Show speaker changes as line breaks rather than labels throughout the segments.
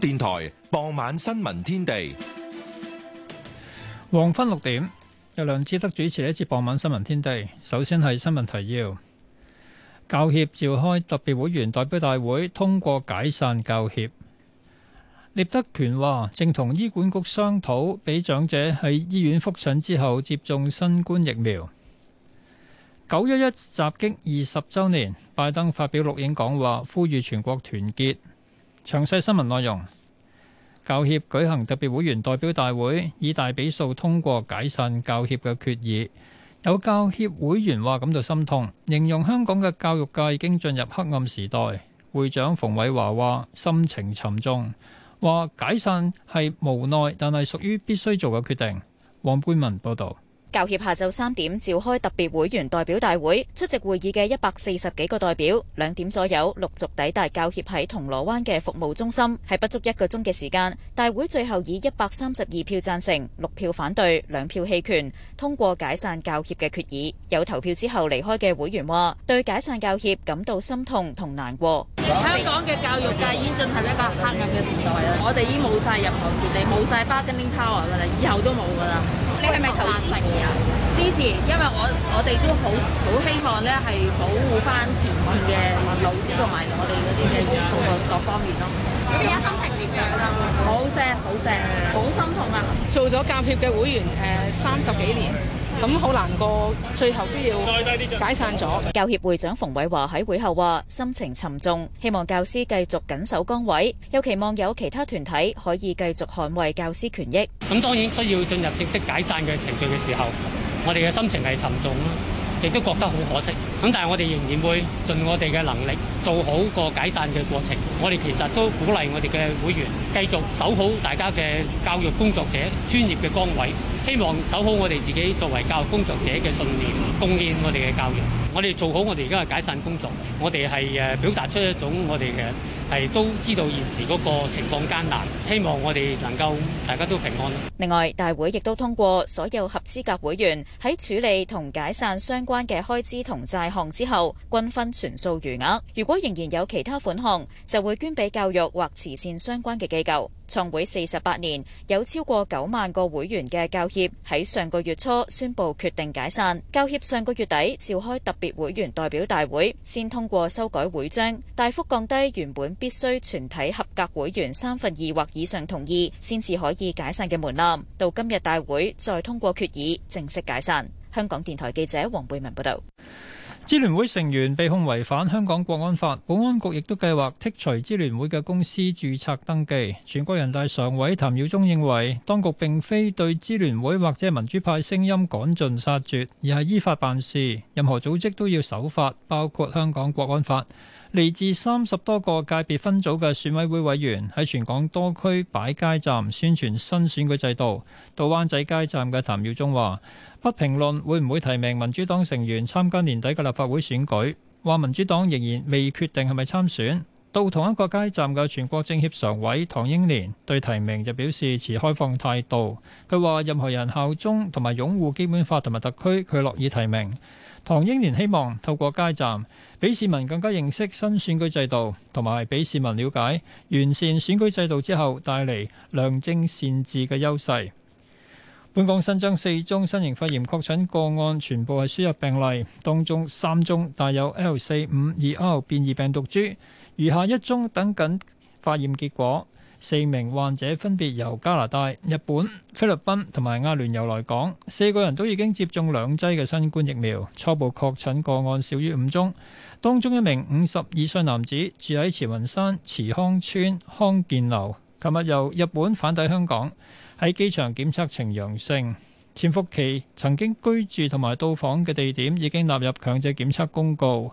電台傍晚新
聞天地，黃昏六點由梁志德主持一節傍晚新聞天地。首先係新聞提要，教協召開特別會員代表大會，通過解散教協。聶德權話：正同醫管局商討，俾長者喺醫院覆診之後接種新冠疫苗。九一一襲擊二十周年，拜登發表錄影講話，呼籲全國團結。詳細新聞內容，教協舉行特別會員代表大會，以大比數通過解散教協嘅決議。有教協會員話感到心痛，形容香港嘅教育界已經進入黑暗時代。會長馮偉華話心情沉重，話解散係無奈，但係屬於必須做嘅決定。黃冠文報道。
教協下晝三點召開特別會員代表大會，出席會議嘅一百四十幾個代表，兩點左右陸續抵達教協喺銅鑼灣嘅服務中心，係不足一個鐘嘅時間。大會最後以一百三十二票贊成、六票反對、兩票棄權通過解散教協嘅決議。有投票之後離開嘅會員話：對解散教協感到心痛同難過。香港
嘅教育界已經進入一個黑暗嘅時代啦！我哋已經冇晒任何權利，冇晒 bargaining power 噶啦，以後都冇噶啦。你係咪投資前？是是支持，因為我我哋都好好希望咧，係保護翻前線嘅老師同埋我哋嗰啲嘅同學各方面咯。咁而家心情點樣啊？很好聲，很好聲，好心痛啊！做咗教協嘅會員誒三十幾年。咁好難
過，最後都要解散咗。教協會長馮偉華喺會後話：心情沉重，希望教師繼續緊守崗位，又期望有其他團體可以繼續捍衛教師權益。
咁當然需要進入正式解散嘅程序嘅時候，我哋嘅心情係沉重啦，亦都覺得好可惜。咁但係我哋仍然會盡我哋嘅能力做好個解散嘅過程。我哋其實都鼓勵我哋嘅會員繼續守好大家嘅教育工作者專業嘅崗位，希望守好我哋自己作為教育工作者嘅信念，貢獻我哋嘅教育。我哋做好我哋而家嘅解散工作。我哋係誒表達出一種我哋嘅係係都知道現時嗰個情況艱難，希望我哋能夠大家都平安。
另外，大會亦都通過所有合資格會員喺處理同解散相關嘅開支同債。行之後均分全數餘額，如果仍然有其他款項，就會捐俾教育或慈善相關嘅機構。創會四十八年，有超過九萬個會員嘅教協喺上個月初宣佈決定解散。教協上個月底召開特別會員代表大會，先通過修改會章，大幅降低原本必須全體合格會員三分二或以上同意先至可以解散嘅門檻，到今日大會再通過決議，正式解散。香港電台記者黃貝文報道。
支聯會成員被控違反香港國安法，保安局亦都計劃剔除支聯會嘅公司注冊登記。全國人大常委譚耀宗認為，當局並非對支聯會或者民主派聲音趕盡殺絕，而係依法辦事，任何組織都要守法，包括香港國安法。嚟自三十多個界別分組嘅選委會委員喺全港多區擺街站宣傳新選舉制度。到灣仔街站嘅譚耀宗話：不評論會唔會提名民主黨成員參加年底嘅立法會選舉，話民主黨仍然未決定係咪參選。到同一個街站嘅全國政協常委唐英年對提名就表示持開放態度，佢話任何人效忠同埋擁護基本法同埋特區，佢樂意提名。唐英年希望透過街站，俾市民更加認識新選舉制度，同埋俾市民了解完善選舉制度之後帶嚟良政善治嘅優勢。本港新增四宗新型肺炎確診個案，全部係輸入病例，當中三宗帶有 L 四五二 R 變異病毒株，餘下一宗等緊化驗結果。四名患者分別由加拿大、日本、菲律賓同埋阿聯酋來港，四個人都已經接種兩劑嘅新冠疫苗，初步確診個案少於五宗。當中一名五十二歲男子住喺慈雲山慈康村康健樓，琴日由日本返抵香港，喺機場檢測呈陽性。潛伏期曾經居住同埋到訪嘅地點已經納入強制檢測公告。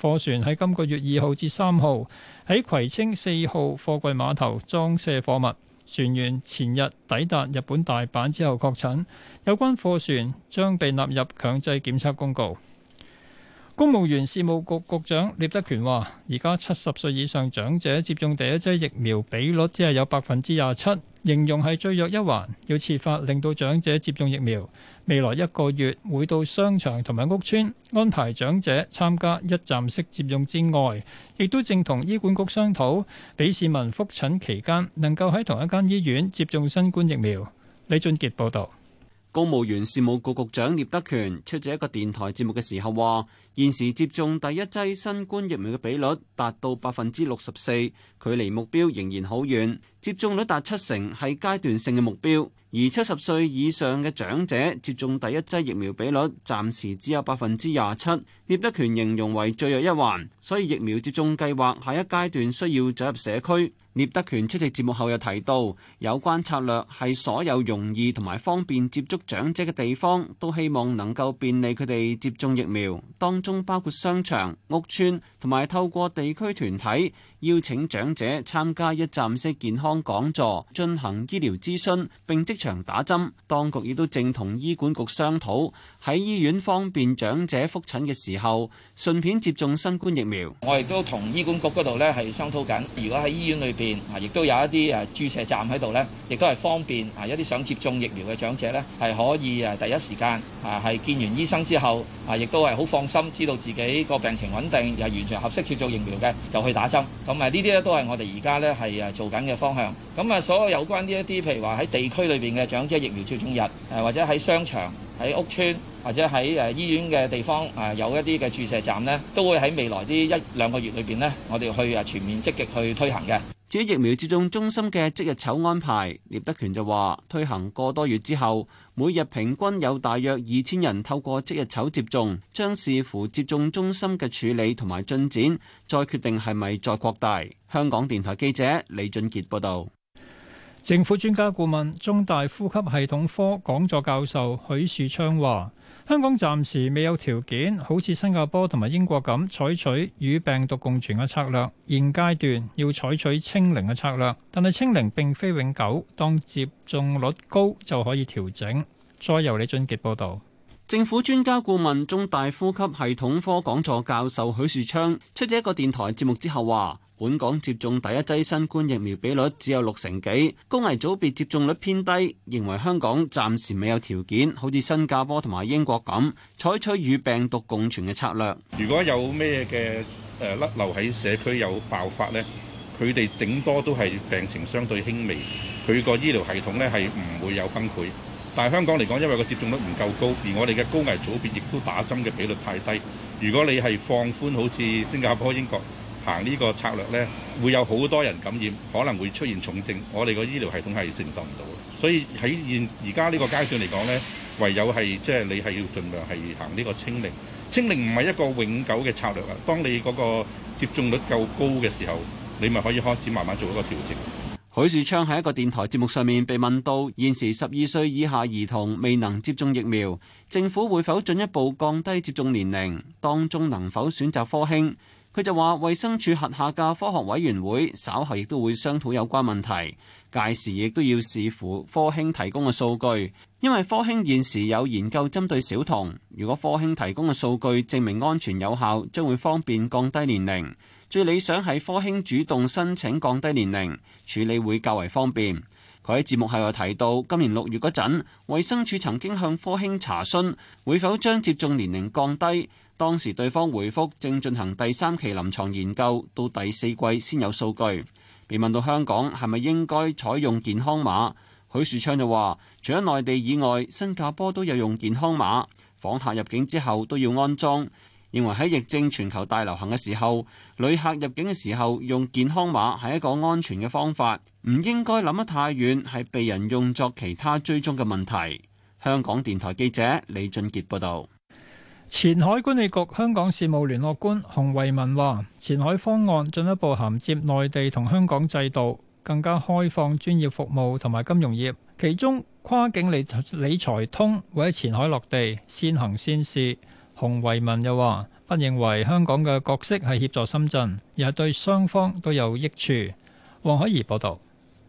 貨船喺今個月二號至三號喺葵青四號貨櫃碼頭裝卸貨物，船員前日抵達日本大阪之後確診，有關貨船將被納入強制檢測公告。公務員事務局局長聶德權話，而家七十歲以上長者接種第一劑疫苗比率只係有百分之廿七，形容係最弱一環，要設法令到長者接種疫苗。未來一個月會到商場同埋屋邨安排長者參加一站式接種之外，亦都正同醫管局商討，俾市民覆診期間能夠喺同一間醫院接種新冠疫苗。李俊杰報
道。公務員事務局局長聶德權出席一個電台節目嘅時候話，現時接種第一劑新冠疫苗嘅比率達到百分之六十四，距離目標仍然好遠。接種率達七成係階段性嘅目標，而七十歲以上嘅長者接種第一劑疫苗比率暫時只有百分之廿七。聶德權形容為最弱一環，所以疫苗接種計劃下一階段需要走入社區。聶德權出席節目後又提到，有關策略係所有容易同埋方便接觸長者嘅地方，都希望能夠便利佢哋接種疫苗，當中包括商場、屋邨同埋透過地區團體邀請長者參加一站式健康講座，進行醫療諮詢並即場打針。當局亦都正同醫管局商討。喺醫院方便長者覆診嘅時候，順便接種新冠疫苗。我亦都同醫管局嗰度咧係商討緊，如果喺醫院裏邊啊，亦都有一啲誒注射站喺度咧，亦都係方便啊，一啲想接種疫苗嘅長者咧，係可以誒第一時間啊，係見完醫生之後啊，亦都係好放心，知道自己個病情穩定，又係完全合適接種疫苗嘅，就去打針。咁啊，呢啲咧都係我哋而家咧係誒做緊嘅方向。咁啊，所有有關呢一啲，譬如話喺地區裏邊嘅長者疫苗接種日，誒或者喺商場，喺屋邨或者喺誒醫院嘅地方有一啲嘅注射站呢，都會喺未來呢一兩個月裏面呢，我哋去全面積極去推行嘅。至於疫苗接種中心嘅即日醜安排，聶德權就話：推行個多月之後，每日平均有大約二千人透過即日醜接種，將視乎接種中心嘅處理同埋進展，再決定係咪再擴大。香港電台記者李俊傑報道。
政府專家顧問、中大呼吸系統科講座教授許樹昌話：香港暫時未有條件，好似新加坡同埋英國咁採取與病毒共存嘅策略。現階段要採取清零嘅策略，但係清零並非永久，當接種率高就可以調整。再由李俊傑報導。
政府專家顧問、中大呼吸系統科講座教授許樹昌出席一個電台節目之後話。本港接種第一劑新冠疫苗比率只有六成幾，高危組別接種率偏低，認為香港暫時未有條件，好似新加坡同埋英國咁，採取與病毒共存嘅策略。如果有咩嘅誒甩漏喺社區有爆發呢，佢哋
頂多都係病情相對輕微，佢個醫療系統呢係唔會有崩潰。但係香港嚟講，因為個接種率唔夠高，而我哋嘅高危組別亦都打針嘅比率太低。如
果你係放寬好似新加坡、英國。行呢個策略呢，會有好多人感染，可能會出現重症，我哋個醫療系統係承受唔到嘅。所以喺現而家呢個
階段嚟講呢，唯有係即係你係要盡量係行呢個清零。清零唔係一個
永久嘅策略啊。當你嗰個接種率夠高嘅時候，你咪可以開始慢慢做一個調整。許樹昌喺一個電台節目上面被問到，現時十二歲以下兒童未能接種疫苗，政府會否進一步降低接種年齡，當中能否選擇科興？佢就話：衛生署轄下嘅科學委員會稍後亦都會商討有關問題，屆時亦都要視乎科興提供嘅數據，因為科興現時有研究針對小童。如果科興提供嘅數據證明安全有效，將會方便降低年齡。最理想係科興主動申請降低年齡，處理會較為方便。佢喺節目後又提到，今年六月嗰陣，衞生署曾經向科興查詢會否將接種年齡降低。當時對方回覆，正進行第三期臨床研究，到第四季先有數據。被問到香港係咪應該採用健康碼，許樹昌就話：除咗內地以外，新加坡都有用健康碼，訪客入境之後都要安裝。認為喺疫症全球大流行嘅時候，旅客入境嘅時候用健康碼係一個安全嘅方法，唔應該諗得太遠，係被人用作其他追蹤嘅問題。香港電台記者李俊傑報道。
前海管理局香港事務聯絡官洪為民話，前海方案進一步銜接內地同香港制度，更加開放專業服務同埋金融業，其中跨境理理財通會喺前海落地，先行先試。洪為民又話，不認為香港嘅角色係協助深圳，而係對雙方都有益處。黃海怡報道。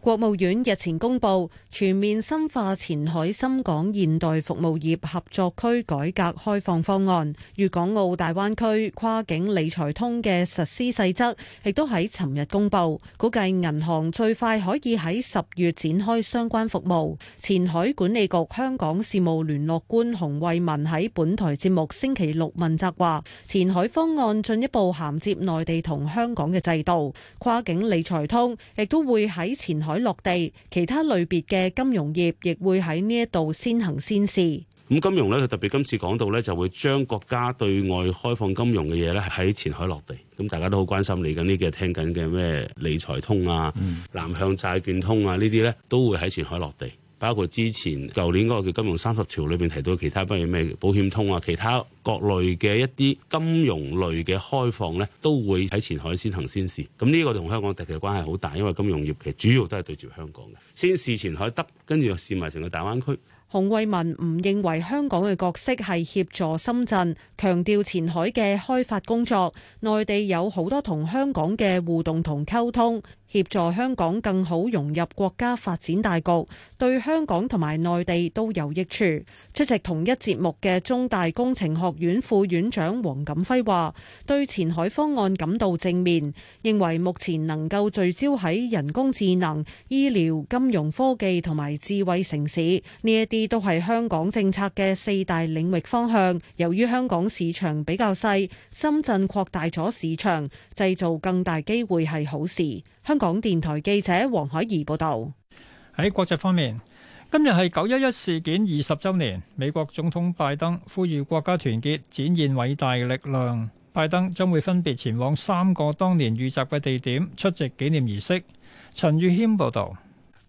國務院日前公布全面深化前海深港現代服務業合作區改革開放方案，粵港澳大灣區跨境理財通嘅實施細則亦都喺尋日公布，估計銀行最快可以喺十月展開相關服務。前海管理局香港事務聯絡官洪為民喺本台節目星期六問責話，前海方案進一步銜接內地同香港嘅制度，跨境理財通亦都會喺前海。海落地，其他類別嘅金融業亦會喺呢一度先行先試。
咁金融咧，佢特別今次講到咧，就會將國家對外開放金融嘅嘢咧，喺前海落地。咁大家都好關心嚟緊呢幾日聽緊嘅咩理財通啊、南向債券通啊呢啲咧，都會喺前海落地。包括之前舊年嗰個叫金融三十條裏邊提到其他，比如咩保險通啊，其他各類嘅一啲金融類嘅開放咧，都會喺前海先行先試，咁呢個同香港特別關係好大，因為金融業其實主要都係對住香港嘅，先試前海得，跟住又試埋成個大灣區。
洪惠民唔認為香港嘅角色係協助深圳，強調前海嘅開發工作，內地有好多同香港嘅互動同溝通。協助香港更好融入國家發展大局，對香港同埋內地都有益處。出席同一節目嘅中大工程學院副院長黃錦輝話，對前海方案感到正面，認為目前能夠聚焦喺人工智能、醫療、金融科技同埋智慧城市呢一啲，這些都係香港政策嘅四大領域方向。由於香港市場比較細，深圳擴大咗市場，製造更大機會係好事。香港電台記者黃海怡報道：
喺國際方面，今日係九一一事件二十周年，美國總統拜登呼籲國家團結，展現偉大嘅力量。拜登將會分別前往三個當年遇襲嘅地點出席紀念儀式。陳宇謙報道。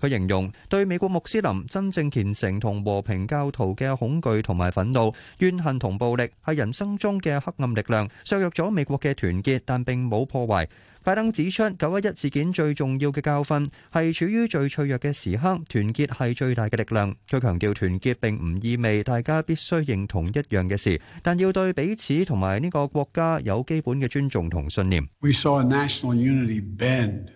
佢形容對美國穆斯林真正虔誠同和平教徒嘅恐懼同埋憤怒、怨恨同暴力係人生中嘅黑暗力量，削弱咗美國嘅團結，但並冇破壞。拜登指出，九一一事件最重要嘅教訓係處於最脆弱嘅時刻，團結係最大嘅力量。佢強調，團結並唔意味大家必須認同一樣嘅事，但要對彼此同埋呢個國家有基本嘅尊重同信念。
We saw a national unity bend.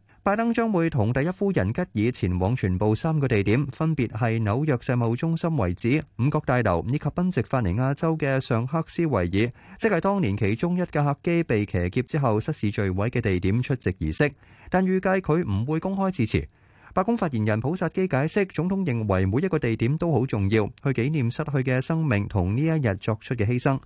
拜登將會同第一夫人吉爾前往全部三個地點，分別係紐約世貿中心遺址、五角大樓以及賓夕法尼亞州嘅尚克斯維爾，即係當年其中一架客機被騎劫之後失事墜毀嘅地點出席儀式。但預計佢唔會公開致辭。白宮發言人普薩基解釋，總統認為每一個地點都好重要，去紀念失去嘅生命同呢一日作出嘅犧牲。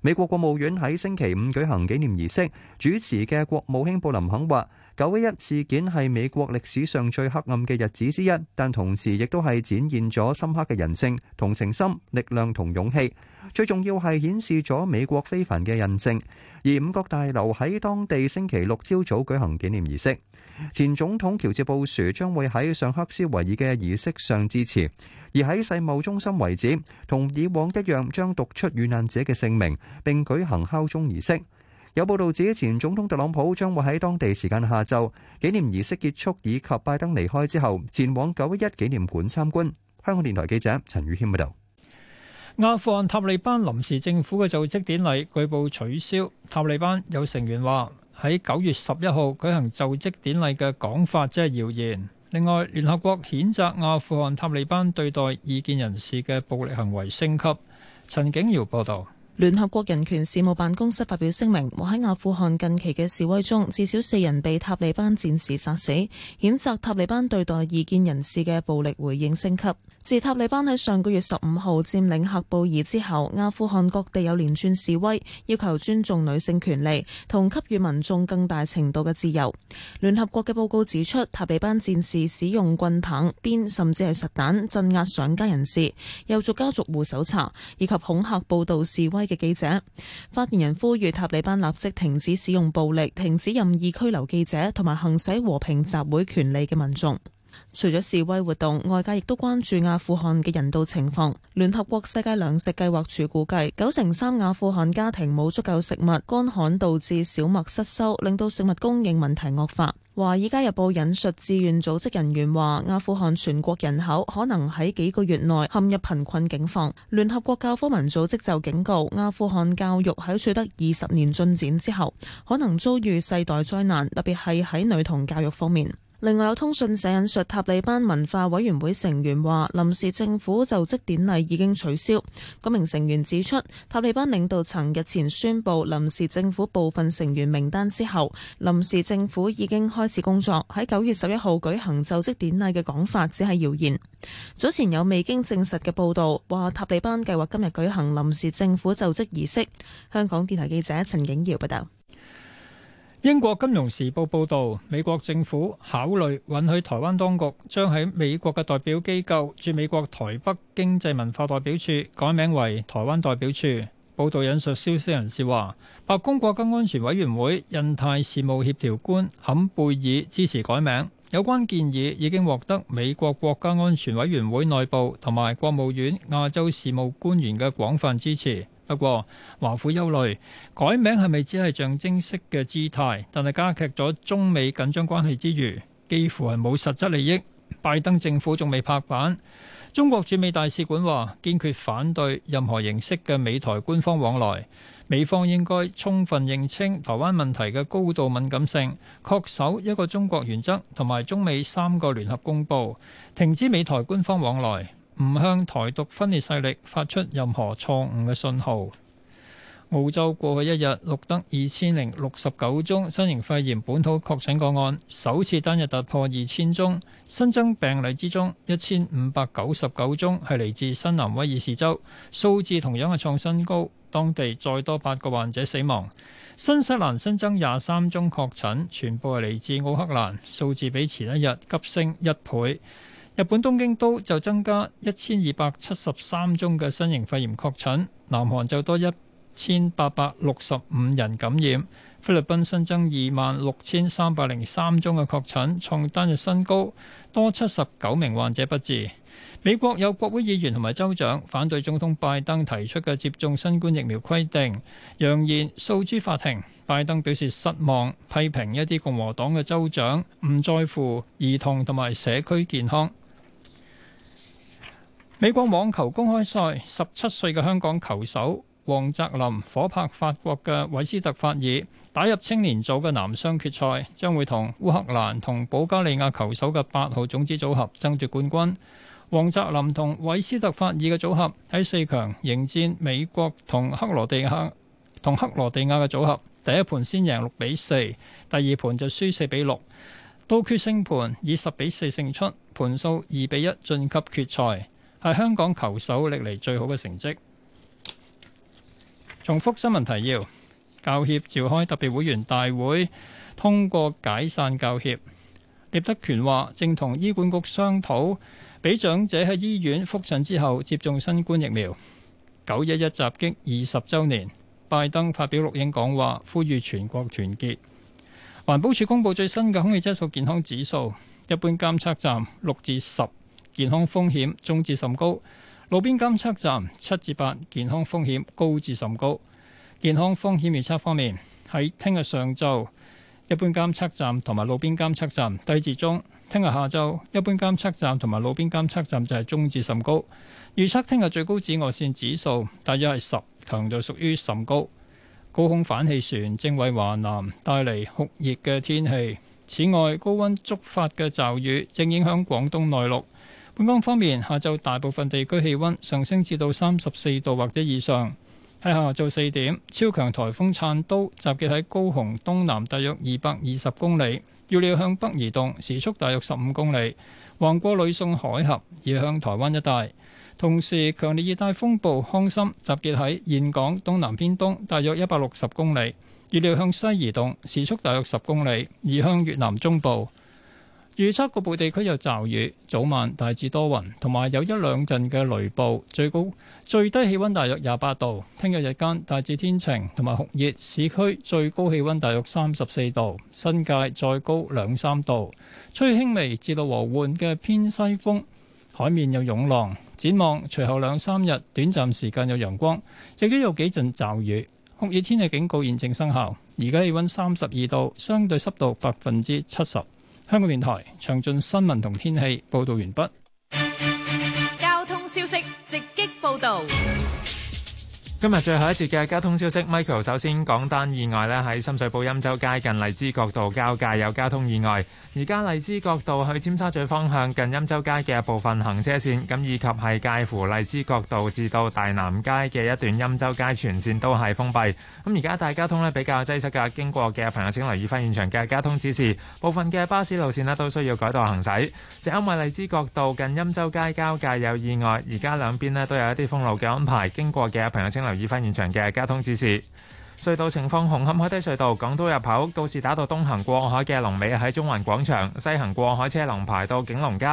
美國國務院喺星期五舉行紀念儀式，主持嘅國務卿布林肯話。九一一事件係美國歷史上最黑暗嘅日子之一，但同時亦都係展現咗深刻嘅人性、同情心、力量同勇氣。最重要係顯示咗美國非凡嘅韌性。而五角大樓喺當地星期六朝早舉行紀念儀式，前總統喬治布殊將會喺上克斯維爾嘅儀式上致辭，而喺世貿中心遺址，同以往一樣，將讀出遇難者嘅姓名並舉行敲鐘儀式。有報道指，前總統特朗普將會喺當地時間下晝紀念儀式結束以及拜登離開之後，前往九一一紀念館參觀。香港電台記者陳宇軒報道，
阿富汗塔利班臨時政府嘅就職典禮據報取消，塔利班有成員話喺九月十一號舉行就職典禮嘅講法，即係謠言。另外，聯合國譴責阿富汗塔利班對待異見人士嘅暴力行為升級。陳景瑤報道。
聯合國人權事務辦公室發表聲明，話喺阿富汗近期嘅示威中，至少四人被塔利班戰士殺死，譴責塔利班對待異見人士嘅暴力回應升級。自塔利班喺上個月十五號佔領喀布爾之後，阿富汗各地有連串示威，要求尊重女性權利同給予民眾更大程度嘅自由。聯合國嘅報告指出，塔利班戰士使用棍棒、鞭甚至係實彈鎮壓上街人士，又逐家逐戶搜查，以及恐嚇報道示威嘅記者。發言人呼籲塔利班立即停止使用暴力，停止任意拘留記者同埋行使和平集會權利嘅民眾。除咗示威活動，外界亦都關注阿富汗嘅人道情況。聯合國世界糧食計劃署估計，九成三阿富汗家庭冇足夠食物。乾旱導致小麥失收，令到食物供應問題惡化。《華爾街日報》引述志願組織人員話，阿富汗全國人口可能喺幾個月內陷入貧困境況。聯合國教科文組織就警告，阿富汗教育喺取得二十年進展之後，可能遭遇世代災難，特別係喺女童教育方面。另外，有通訊社引述塔利班文化委員會成員話，臨時政府就職典禮已經取消。嗰名成員指出，塔利班領導層日前宣布臨時政府部分成員名單之後，臨時政府已經開始工作。喺九月十一號舉行就職典禮嘅講法只係謠言。早前有未經證實嘅報道話，塔利班計劃今日舉行臨時政府就職儀式。香港電台記者陳景耀報道。
英國金融時報報道，美國政府考慮允許台灣當局將喺美國嘅代表機構駐美國台北經濟文化代表處改名為台灣代表處。報道引述消息人士話，白宮國家安全委員會印太事務協調官坎貝爾支持改名，有關建議已經獲得美國國家安全委員會內部同埋國務院亞洲事務官員嘅廣泛支持。不過華府憂慮改名係咪只係象徵式嘅姿態，但係加劇咗中美緊張關係之餘，幾乎係冇實質利益。拜登政府仲未拍板。中國駐美大使館話：堅決反對任何形式嘅美台官方往來。美方應該充分認清台灣問題嘅高度敏感性，確守一個中國原則同埋中美三個聯合公佈，停止美台官方往來。唔向台獨分裂勢力發出任何錯誤嘅信號。澳洲過去一日錄得二千零六十九宗新型肺炎本土確診個案，首次單日突破二千宗。新增病例之中，一千五百九十九宗係嚟自新南威爾士州，數字同樣係創新高。當地再多八個患者死亡。新西蘭新增廿三宗確診，全部係嚟自奧克蘭，數字比前一日急升一倍。日本東京都就增加一千二百七十三宗嘅新型肺炎確診，南韓就多一千八百六十五人感染，菲律賓新增二萬六千三百零三宗嘅確診，創單日新高，多七十九名患者不治。美國有國會議員同埋州長反對總統拜登提出嘅接種新冠疫苗規定，揚言訴諸法庭。拜登表示失望，批評一啲共和黨嘅州長唔在乎兒童同埋社區健康。美國網球公開賽，十七歲嘅香港球手黃澤林火拍法國嘅韋斯特法爾，打入青年組嘅男雙決賽，將會同烏克蘭同保加利亞球手嘅八號種子組合爭奪冠軍。黃澤林同韋斯特法爾嘅組合喺四強迎戰美國同克羅地克同克羅地亞嘅組合，第一盤先贏六比四，第二盤就輸四比六，到決勝盤以十比四勝出，盤數二比一晉級決賽。係香港球手歷嚟最好嘅成績。重複新聞提要：教協召開特別會員大會，通過解散教協。聶德權話正同醫管局商討，俾長者喺醫院復診之後接種新冠疫苗。九一一襲擊二十周年，拜登發表錄影講話，呼籲全國團結。環保署公布最新嘅空氣質素健康指數，一般監測站六至十，健康風險中至甚高，路邊監測站七至八，健康風險高至甚高。健康風險預測方面，喺聽日上晝一般監測站同埋路邊監測站低至中；聽日下晝一般監測站同埋路邊監測站就係中至甚高。預測聽日最高紫外線指數大約係十，強度屬於甚高。高空反氣旋，正為華南，帶嚟酷熱嘅天氣，此外，高溫觸發嘅驟雨正影響廣東內陸。本港方面，下晝大部分地區氣溫上升至到三十四度，或者以上。喺下晝四點超強颱風燦都集結喺高雄東南大約二百二十公里，預料向北移動時速大約十五公里，橫過呂宋海峽移向台灣一帶，同時強烈熱帶風暴康森集結喺峴港東南偏東大約一百六十公里，預料向西移動時速大約十公里，移向越南中部。預測局部地區有驟雨，早晚大致多雲，同埋有，有一兩陣嘅雷暴。最高最低氣溫大約廿八度。聽日日間大致天晴，同埋酷熱，市區最高氣溫大約三十四度，新界再高兩三度。吹輕微至到和緩嘅偏西風，海面有湧浪。展望隨後兩三日短暫時間有陽光，亦都有幾陣驟雨。酷熱天氣警告現正生效。而家氣溫三十二度，相對濕度百分之七十。香港電台詳盡新聞同天氣報道完畢。
交通消息直擊報道。
今日最後一節嘅交通消息，Michael 首先講單意外咧，喺深水埗欽州街近荔枝角道交界有交通意外。而家荔枝角道去尖沙咀方向近欽州街嘅部分行車線，咁以及係介乎荔枝角道至到大南街嘅一段欽州街全線都係封閉。咁而家大交通咧比較擠塞噶，經過嘅朋友請留意翻現場嘅交通指示。部分嘅巴士路線咧都需要改道行駛。就因為荔枝角道近欽州街交界有意外，而家兩邊咧都有一啲封路嘅安排，經過嘅朋友請。留意翻現場嘅交通指示。隧道情況：紅磡海底隧道港島入口、告士打道東行過海嘅龍尾喺中環廣場；西行過海車龍排到景隆街。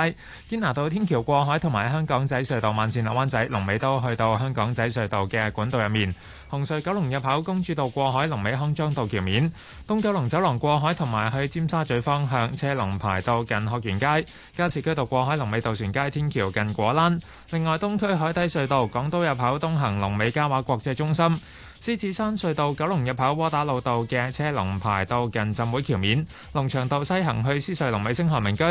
堅拿道天橋過海同埋香港仔隧道慢線落灣仔，龍尾都去到香港仔隧道嘅管道入面。紅隧九龍入口公主道過海，龍尾康莊道橋面；東九龍走廊過海同埋去尖沙咀方向，車龍排到近學園街。加士居道過海，龍尾渡船街天橋近果欄。另外，東區海底隧道港島入口東行，龍尾嘉華國際中心。獅子山隧道九龍入口窩打老道嘅車龍排到近浸會橋面，龍翔道西行去獅隧龍尾星河明居，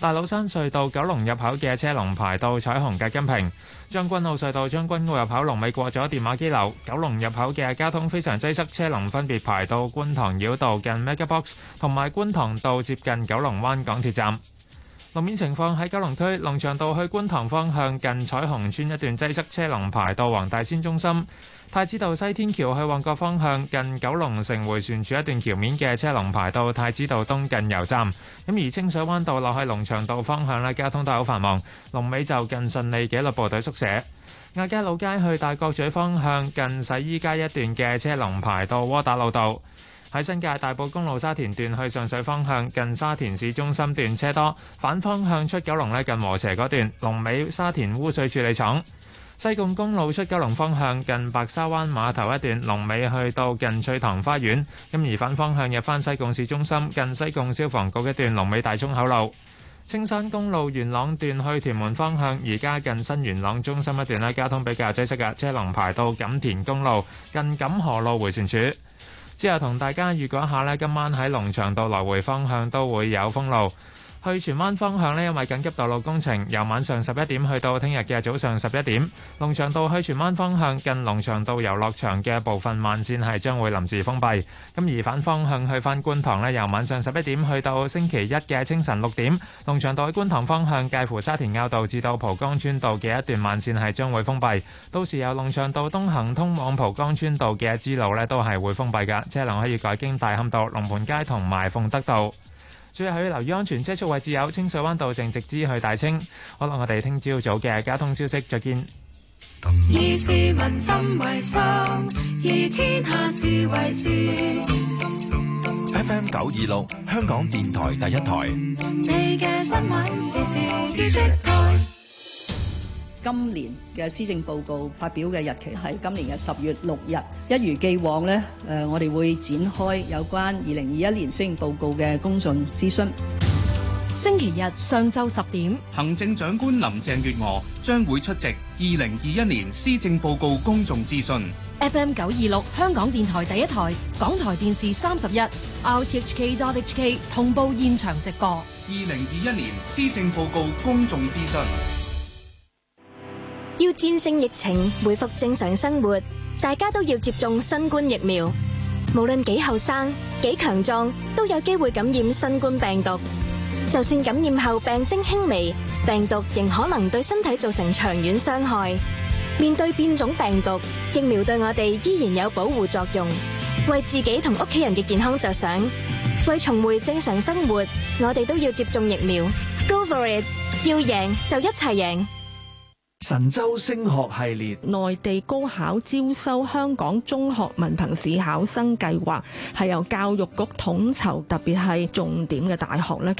大老山隧道九龍入口嘅車龍排到彩虹隔音屏，將軍澳隧道將軍澳入口龍尾過咗電話機樓，九龍入口嘅交通非常擠塞，車龍分別排到觀塘繞道近 MegaBox 同埋觀塘道接近九龍灣港鐵站。路面情況喺九龍區龍翔道去觀塘方向近彩虹村一段擠塞，車龍排到黃大仙中心；太子道西天橋去旺角方向近九龍城回旋處一段橋面嘅車龍排到太子道東近油站。咁而清水灣道落去龍翔道方向咧，交通都好繁忙。龍尾就近順利紀律部隊宿舍。亞皆老街去大角咀方向近洗衣街一段嘅車龍排到窩打老道。喺新界大埔公路沙田段去上水方向，近沙田市中心段車多；反方向出九龍咧，近和斜嗰段，龍尾沙田污水處理廠。西貢公路出九龍方向，近白沙灣碼頭一段，龍尾去到近翠塘花園，咁而反方向入翻西貢市中心，近西貢消防局一段，龍尾大涌口路。青山公路元朗段去屯門方向，而家近新元朗中心一段咧，交通比較擠塞嘅，車龍排到錦田公路近錦河路迴旋處。之後同大家預講下呢，今晚喺龍翔道來回方向都會有封路。去荃灣方向呢，因為緊急道路工程，由晚上十一點去到聽日嘅早上十一點。龍翔道去荃灣方向，近龍翔道遊樂場嘅部分慢線係將會臨時封閉。咁而反方向去返觀塘呢，由晚上十一點去到星期一嘅清晨六點。龍翔道去觀塘方向，介乎沙田坳道至到蒲崗村道嘅一段慢線係將會封閉。到時由龍翔道東行通往蒲崗村道嘅支路呢，都係會封閉㗎，車輛可以改經大磡道、龍門街同埋鳳德道。最後要留意安全車速位置有清水灣道，正直之去大清。好啦，我哋聽朝早嘅交通消息，再見。
以市民心為心，以天下事
為事。FM 九二六，香港電台第一台。
今年嘅施政報告發表嘅日期係今年嘅十月六日，一如既往咧，誒，我哋會展開有關二零二一年施政報告嘅公眾諮詢。星期日上晝十點，
行政長官林鄭月娥將會出席二零二一年施政報告公眾諮詢。
FM 九二六香港電台第一台，港台電視三十一，rthk.hk 同步現場直播
二零二一年施政報告公眾諮詢。
要戰勝疫情，回復正常生活，大家都要接種新冠疫苗。無論幾後生、幾強壯，都有機會感染新冠病毒。就算感染後病徵輕微，病毒仍可能對身體造成長遠傷害。面對變種病毒，疫苗對我哋依然有保護作用。為自己同屋企人嘅健康着想，為重回正常生活，我哋
都要接種疫苗。Go for it！要贏就一齊贏。
神州升學系列，
內地高考招收香港中學文憑試考生計劃，係由教育局統籌，特別係重點嘅大學咧。